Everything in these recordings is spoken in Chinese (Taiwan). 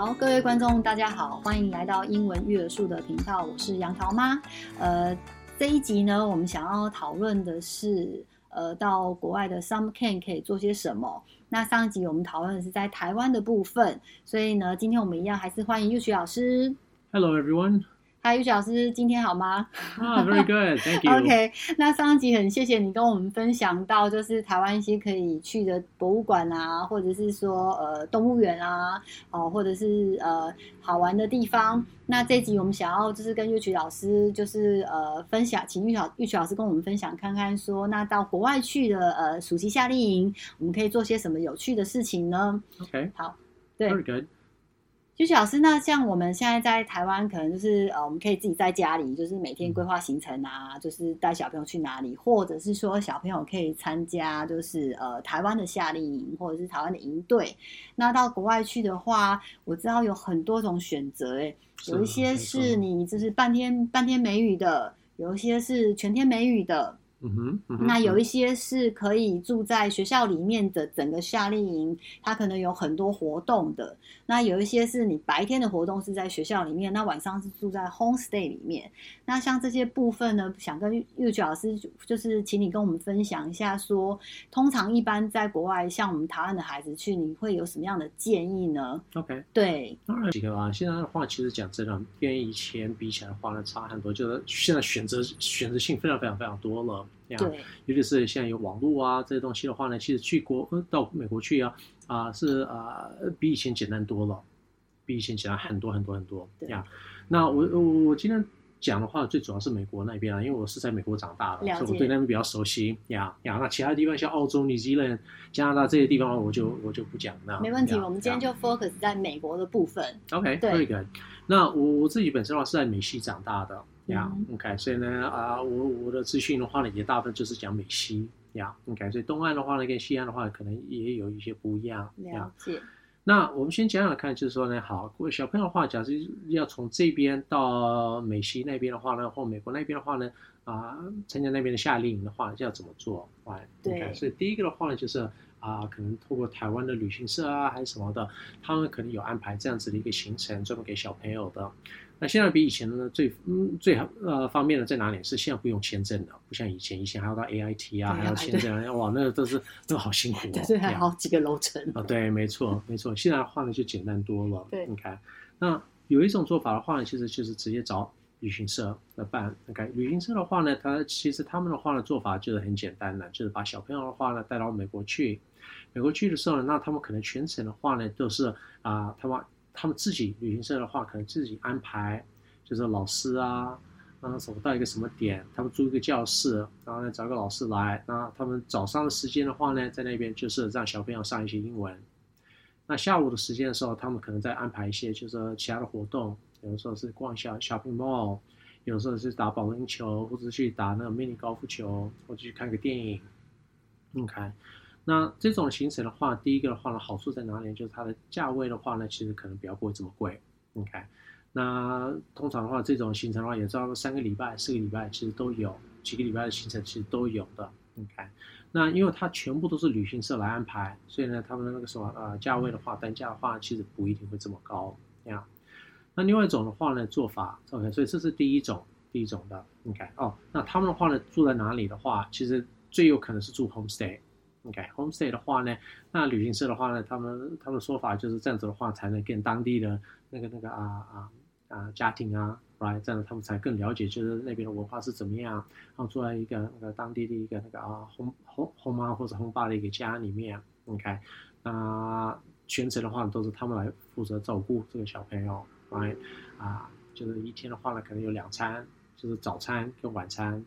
好，各位觀眾，大家好，歡迎來到英文育兒樹的頻道，我是楊桃媽。呃，這一集呢，我們想要討論的是，呃，到國外的 Summer Camp 可以做些什麼。那上一集我們討論的是在台灣的部分，所以呢，今天我們一樣還是歡迎旭旭老師。Hello everyone. 嗨，Hi, 玉曲老師，今天好嗎？啊、oh，very good，thank you。 OK，那上一集很謝謝你跟我們分享到，就是台灣一些可以去的博物館啊，或者是說呃動物園啊，哦、呃，或者是呃好玩的地方。那這一集我們想要就是跟玉曲老師就是呃分享，請玉玉曲老師跟我們分享，看看說那到國外去的呃暑期夏令營，我們可以做些什麼有趣的事情呢？OK，好，對。very good。徐老師，那像我們現在在台灣，可能就是呃，我們可以自己在家裡，就是每天規劃行程啊，就是帶小朋友去哪裡，或者是說小朋友可以參加，就是呃，台灣的夏令營，或者是台灣的營隊。那到國外去的話，我知道有很多種選擇，誒，有一些是你就是半天半天美語的，有一些是全天美語的。嗯哼，嗯哼，那有一些是可以住在學校裡面的整個夏令營，它可能有很多活動的。那有一些是你白天的活動是在學校裡面，那晚上是住在 homestay 裡面。那像這些部分呢，想跟玉菊老師就是請你跟我們分享一下說，說通常一般在國外，像我們台灣的孩子去，你會有什麼樣的建議呢？OK，對，當然幾個啊。現在的話，其實講真的，跟以前比起來，花的差很多，就是現在選擇選擇性非常非常非常多了。Yeah, 對，尤其是現在有網絡啊這些東西的話呢，其實去國到美國去啊啊、呃、是啊、呃、比以前簡單多了，比以前簡單很多很多很多。對呀，yeah, 那我我我今天講的話，最主要是美國那邊啊，因為我是在美國長大的，了解。所以我對那邊比較熟悉。呀呀，那其他地方像澳洲、New Zealand、加拿大這些地方，我就、嗯、我就不講了。那沒問題，yeah, 我們今天就 focus 在美國的部分。Yeah, yeah. OK，對。Okay. 那我我自己本身的話是在美西長大的。呀，OK，所以呢，啊，我我的資訊的話呢，也大部分就是講美西。呀，OK，所以東岸的話呢，跟西岸的話可能也有一些不一樣。這樣子。了解。那我們先講講看，就是說呢，好，各位小朋友的話，假如要從這邊到美西那邊的話呢，或美國那邊的話呢，啊，參加那邊的夏令營的話，要怎麼做？啊，OK，對。所以第一個的話呢，就是啊，可能透過台灣的旅行社啊，還是什麼的，他們可能有安排這樣子的一個行程，專門給小朋友的。那現在比以前呢，最嗯最好呃方便的在哪裡是現在不用簽證了，不像以前，以前還要到 A I T 啊，啊還要簽證哇那個，都是 那個好辛苦。哦， 啊、但是還好幾個樓層啊、 哦、對沒錯沒錯現在的話呢就簡單多了，對你看，那有一種做法的話呢，其實就是直接找旅行社來辦，你、okay，看旅行社的話呢，它其實他們的話的做法就是很簡單的，就是把小朋友的話呢帶到美國去，美國去的時候呢，那他們可能全程的話呢都是啊、呃、他們。他們自己旅行社的話，可能自己安排，就是老師啊，讓他走到一個什麼點，他們租一個教室，然後呢找個老師來。那他們早上的時間的話呢，在那邊就是讓小朋友上一些英文。那下午的時間的時候，他們可能再安排一些，就是說其他的活動，有的時候是逛一下 shopping mall，有時候是打保齡球，或者去打那個 mini 高爾夫球，或者去看個電影。你看。那這種行程的話，第一個的話呢，好處在哪裡？就是它的價位的話呢，其實可能比較不會這麼貴，OK。那通常的話，這種行程的話，也差不多三個禮拜、四個禮拜，其實都有幾個禮拜的行程，其實都有的，OK。那因為它全部都是旅行社來安排，所以呢，他們的那個什麼呃價位的話，單價的話，其實不一定會這麼高，yeah? 那另外一種的話呢，做法 OK，所以這是第一種，第一種的 OK 哦，oh。那他們的話呢，住在哪裡的話，其實最有可能是住 homestay。OK，homestay，okay, 的話呢，那旅行社的話呢，他們他們說法就是這樣子的話，才能跟當地的那個那個啊啊啊家庭啊，right，這樣他們才更了解，就是那邊的文化是怎麼樣。然後住在一個那個當地的一個那個、uh, 啊，home home home 媽或者 home 爸的一個家裡面，OK，那、uh, 全程的話都是他們來負責照顧這個小朋友，right，啊、uh,，就是一天的話呢，可能有兩餐，就是早餐跟晚餐。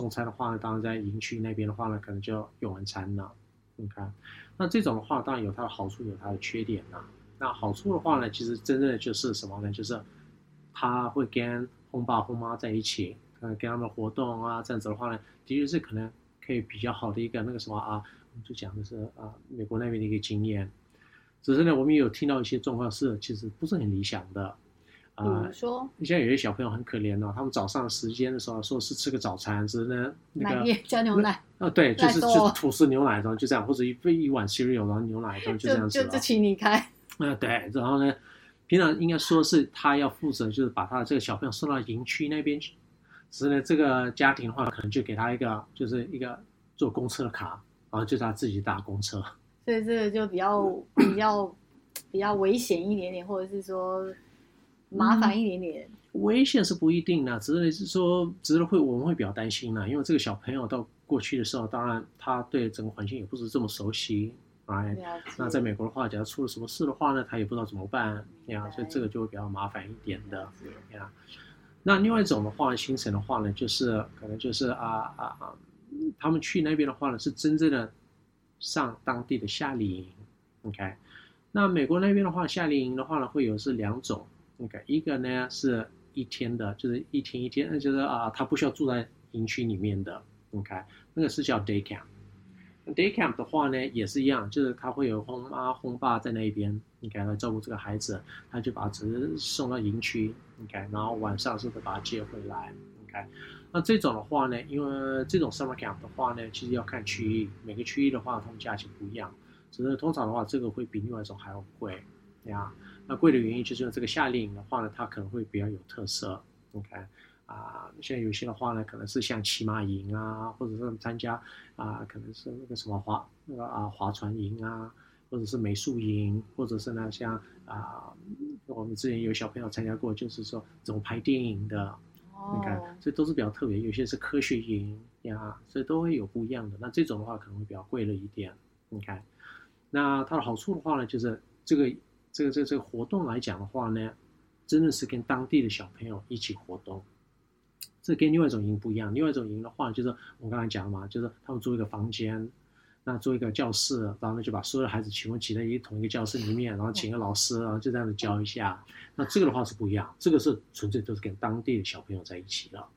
送餐的話呢，當然在營區那邊的話呢，可能就要用完餐了。你看，那這種的話，當然有它的好處，有它的缺點吶、啊。那好處的話呢，其實真正的就是什麼呢？就是他會跟轟爸轟媽在一起，嗯，跟他們活動啊，這樣子的話呢，的確是可能可以比較好的一個那個什麼啊，就講的是啊，美國那邊的一個經驗。只是呢，我們有聽到一些狀況是，其實不是很理想的。啊，你說你現在有些小朋友很可憐哦，他們早上時間的時候，說是吃個早餐，只是呢那個頁加牛奶啊、哦，對，就是就是、吐司牛奶，然後就這樣，或者一杯一碗 Cereal，然後牛奶，然後就這樣吃了。就自己離開啊、呃，對，然後呢，平常應該說是他要負責，就是把他的這個小朋友送到營區那邊去，只是呢，這個家庭的話，可能就給他一個，就是一個坐公車的卡，然後就他自己搭公車。所以這個就比較 比較比較危險一點點，或者是說。嗯、麻煩一點點，危險是不一定的，只是說只是會我們會比較擔心了，因為這個小朋友到過去的時候，當然他對整個環境也不是這麼熟悉，啊解，Right? 那在美國的話，假如出了什麼事的話呢，他也不知道怎麼辦，呀白，Yeah? 所以這個就會比較麻煩一點的，呀白。Yeah? 那另外一種的話，行程的話呢，就是可能就是啊啊啊，他們去那邊的話呢，是真正的上當地的夏令營，OK。那美國那邊的話，夏令營的話呢，會有是兩種。OK，一個呢是一天的，就是一天一天，那就是啊，他不需要住在營區裡面的。OK，那個是叫 Day Camp。Day Camp 的話呢，也是一樣，就是他會有 Home 媽 Home 爸在那邊你給、okay? 來照顧這個孩子，他就把孩子送到營區，OK，然後晚上是不是把他接回來？OK，那這種的話呢，因為這種 Summer Camp 的話呢，其實要看區域，每個區域的話，他們價錢不一樣，只是通常的話，這個會比另外一種還要貴，對啊。那貴的原因就是這個夏令營的話呢，它可能會比較有特色。你看啊，像有些的話呢，可能是像騎馬營啊，或者是參加啊、呃，可能是那個什麼划那個啊划船營啊，或者是美術營，或者是呢像啊、呃，我們之前有小朋友參加過，就是說怎麼拍電影的。Oh. 你看，所以都是比較特別，有些是科學營呀，所以都會有不一樣的。那這種的話可能會比較貴了一點。你看，那它的好處的話呢，就是這個。這個、這個、這個活動來講的話呢，真的是跟當地的小朋友一起活動，這跟另外一種營不一樣。另外一種營的話，就是我們剛才講的嘛，就是他們租一個房間，那租一個教室，然後呢就把所有的孩子全部擠在一同一個教室裡面，然後請個老師，嗯、然後就這樣子教一下。嗯、那這個的話是不一樣，這個是純粹都是跟當地的小朋友在一起了。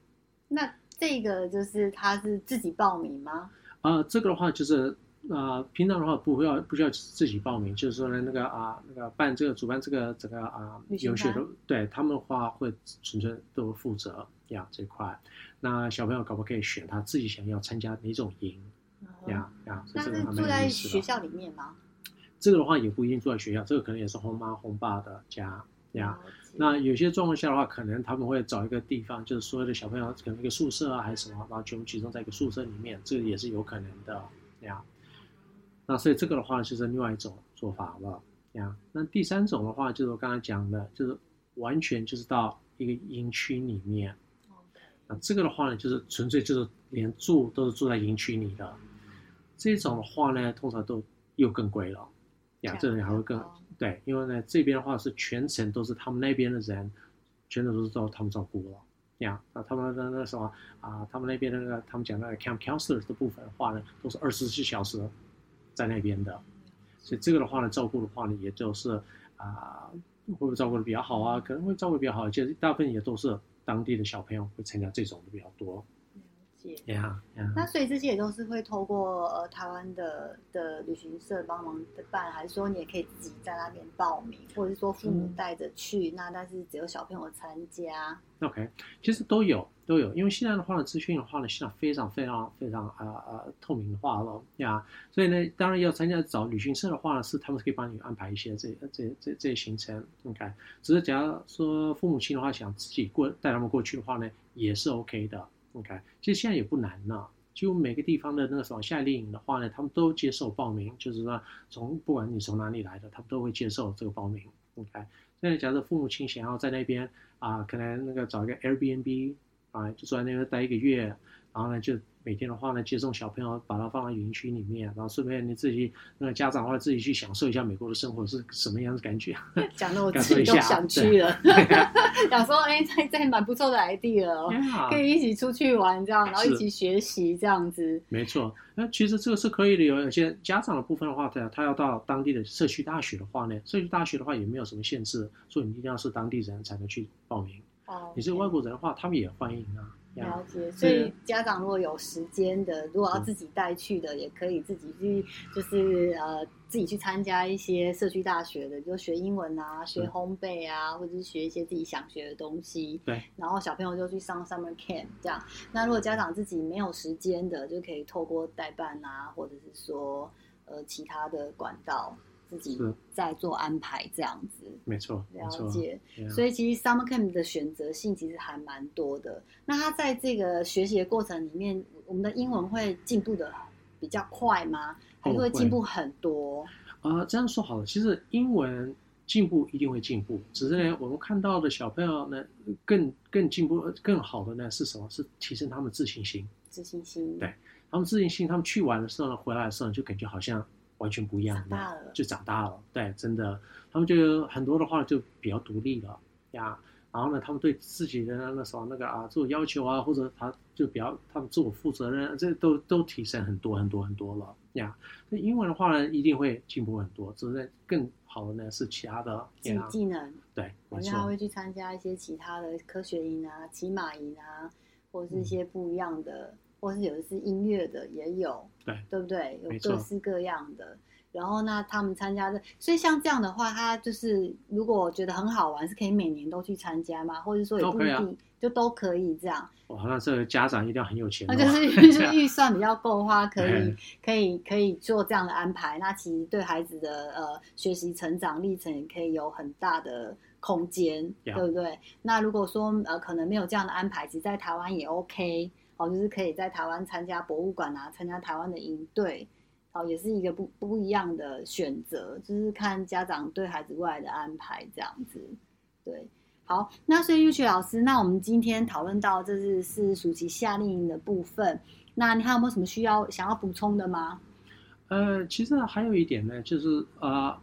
那這個就是他是自己報名嗎？啊、呃，這個的話就是。那、呃、平常的話不要不需要自己報名，就是說呢，那個啊、呃，那個辦這個主辦這個整個啊，遊、呃、學的，對他們的話會純粹都負責呀，這塊，那小朋友可不可以選他自己想要參加哪種營呀？吧呀？呀這個。住在學校裡面嗎？這個的話也不一定住在學校，這個可能也是紅媽紅爸的家呀。哦、那有些狀況下的話，可能他們會找一個地方，就是所有的小朋友可能一個宿舍啊還是什麼，然後全部集中在一個宿舍裡面，這個也是有可能的呀。那所以這個的話就是另外一種做法了呀。那第三種的話就是我剛才講的，就是完全就是到一個營區裡面。哦。那這個的話呢，就是純粹就是連住都是住在營區裡的。這種的話呢，通常都又更貴了。對。呀，Okay, 這裡還會更，oh. 對，因為呢這邊的話是全程都是他們那邊的人，全程都是照他們照顧了呀。那他們那那什麼啊，他們那邊的那個他們講的那個 camp counselor 的部分的話呢，都是二十四小時，在那邊的，了解。所以這個的話呢，照顧的話呢，也就是啊、呃，會不會照顧的比較好啊？可能會照顧比較好，其實大部分也都是當地的小朋友會參加這種的比較多。了解。Yeah, yeah. 那所以這些也都是會透過呃台灣的、的旅行社幫忙的辦，還是說你也可以自己在那邊報名，或者是說父母帶着去，嗯、那但是只有小朋友參加。那 OK，其實都有。都有，因為現在的話呢，資訊的話呢，現在非常非常非常啊啊、呃呃、透明化了呀。所以呢，當然要參加找旅行社的話呢，是他們可以幫你安排一些這這這這行程。OK，、嗯、只是假如說父母親的話想自己過帶他們過去的話呢，也是 OK 的。OK，、嗯、其實現在也不難呢。就每個地方的那個什麼夏令營的話呢，他們都接受報名，就是說從不管你從哪裡來的，他們都會接受這個報名。OK，、嗯嗯、所以假如父母親想要在那邊啊、呃，可能那個找一個 Airbnb。啊，就住在那邊待一個月，然後呢，就每天的話呢，接送小朋友，把他放在園區裡面，然後順便你自己，那個家長的話，自己去享受一下美國的生活是什麼樣的感覺。講的我自己都想去了， 想說哎、欸，這這還蠻不錯的 idea 哦，好可以一起出去玩這樣，是然後一起學習這樣子。沒錯，那其實這個是可以的。有一些家長的部分的話，他他要到當地的社區大學的話呢，社區大學的話也沒有什麼限制，所以你一定要是當地人才能去報名。Okay. 你是外國人的話，他們也歡迎啊。Yeah. 了解，所以家長如果有時間的，如果要自己帶去的，嗯、也可以自己去，就是呃自己去參加一些社區大學的，就學英文啊，學烘焙啊，對或者是學一些自己想學的東西。對。然後小朋友就去上 summer camp 這樣。那如果家長自己沒有時間的，就可以透過代辦啊，或者是說呃其他的管道。自己在做安排，這樣子沒錯，了解。啊、所以其實 summer camp 的選擇性其實還蠻多的。那他在這個學習的過程裡面，我們的英文會進步的比較快嗎？還是會進步很多啊、哦呃？這樣說好了，其實英文進步一定會進步，只是呢，嗯、我們看到的小朋友呢，更更進步、更好的呢是什麼？是提升他們的自信心。自信心。對，他們自信心，他們去玩的時候呢，回來的時候就感覺好像。完全不一樣的，長大了就長大了，對，真的，他們就很多的話就比較獨立了，呀，然後呢，他們對自己的那時什麼那個啊自我要求啊，或者他就比較他們自我負責任，這都都提升很多很多很多了，呀，那英文的話呢，一定會進步很多，只、就是更好的呢是其他的技，技能，對，沒錯，他會去參加一些其他的科學營啊、騎馬營啊，或是一些不一樣的，嗯、或是有的是音樂的也有。對，對不對？有各式各樣的，錯然後那他們參加的，所以像這樣的話，他就是如果覺得很好玩，是可以每年都去參加嗎？或者說也不一定，都啊、就都可以這樣。哇，那這個家長一定要很有錢，那就是就是預算比較夠花，樣可以對可以可以做這樣的安排。那其實對孩子的呃學習成長歷程，也可以有很大的空間，Yeah. 對不對？那如果說呃可能沒有這樣的安排，其實在台灣也 OK。就是可以在台灣參加博物館啊，參加台灣的營隊，哦，也是一個不不一樣的選擇，就是看家長對孩子未來的安排這樣子。對，好，那所以 u c 老師，那我們今天討論到這是是暑期夏令營的部分，那你還有沒有什麼需要想要補充的嗎？呃，其實還有一點呢，就是呃，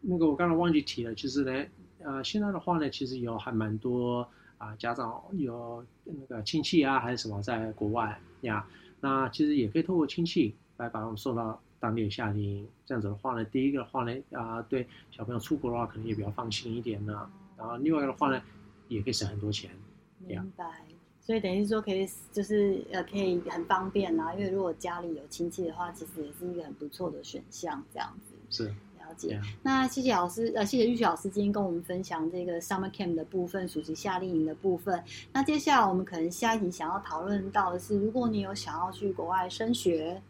那個我剛剛忘記提了，其、就、實、是、呢，呃，現在的話呢，其實有還蠻多。啊，家長有那個親戚啊，還是什麼在國外呀？那其實也可以透過親戚來把他們送到當地的夏令營。這樣子的話呢，第一個的話呢，啊，對小朋友出國的話，可能也比較放心一點呢、啊。嗯、然後另外一個的話呢，嗯、也可以省很多錢。明白，呀所以等於說可以，就是呃，可以很方便啦、啊。因為如果家裡有親戚的話，其實也是一個很不錯的選項，這樣子。是。Yeah. 那謝謝老師，呃，謝謝玉雪老師今天跟我們分享這個 Summer Camp 的部分，屬於夏令營的部分。那接下來我們可能下一集想要討論到的是，如果你有想要去國外升學，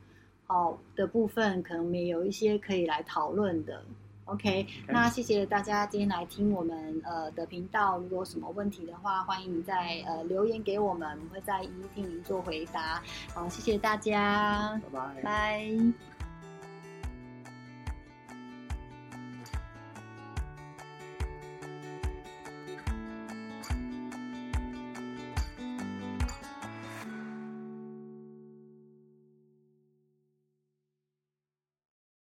好、哦、的部分，可能也有一些可以來討論的。OK，, okay. 那謝謝大家今天來聽我們呃的頻道，如果有什麼問題的話，歡迎您在呃留言給我們，我們會再一一聽您做回答。好，謝謝大家，拜拜。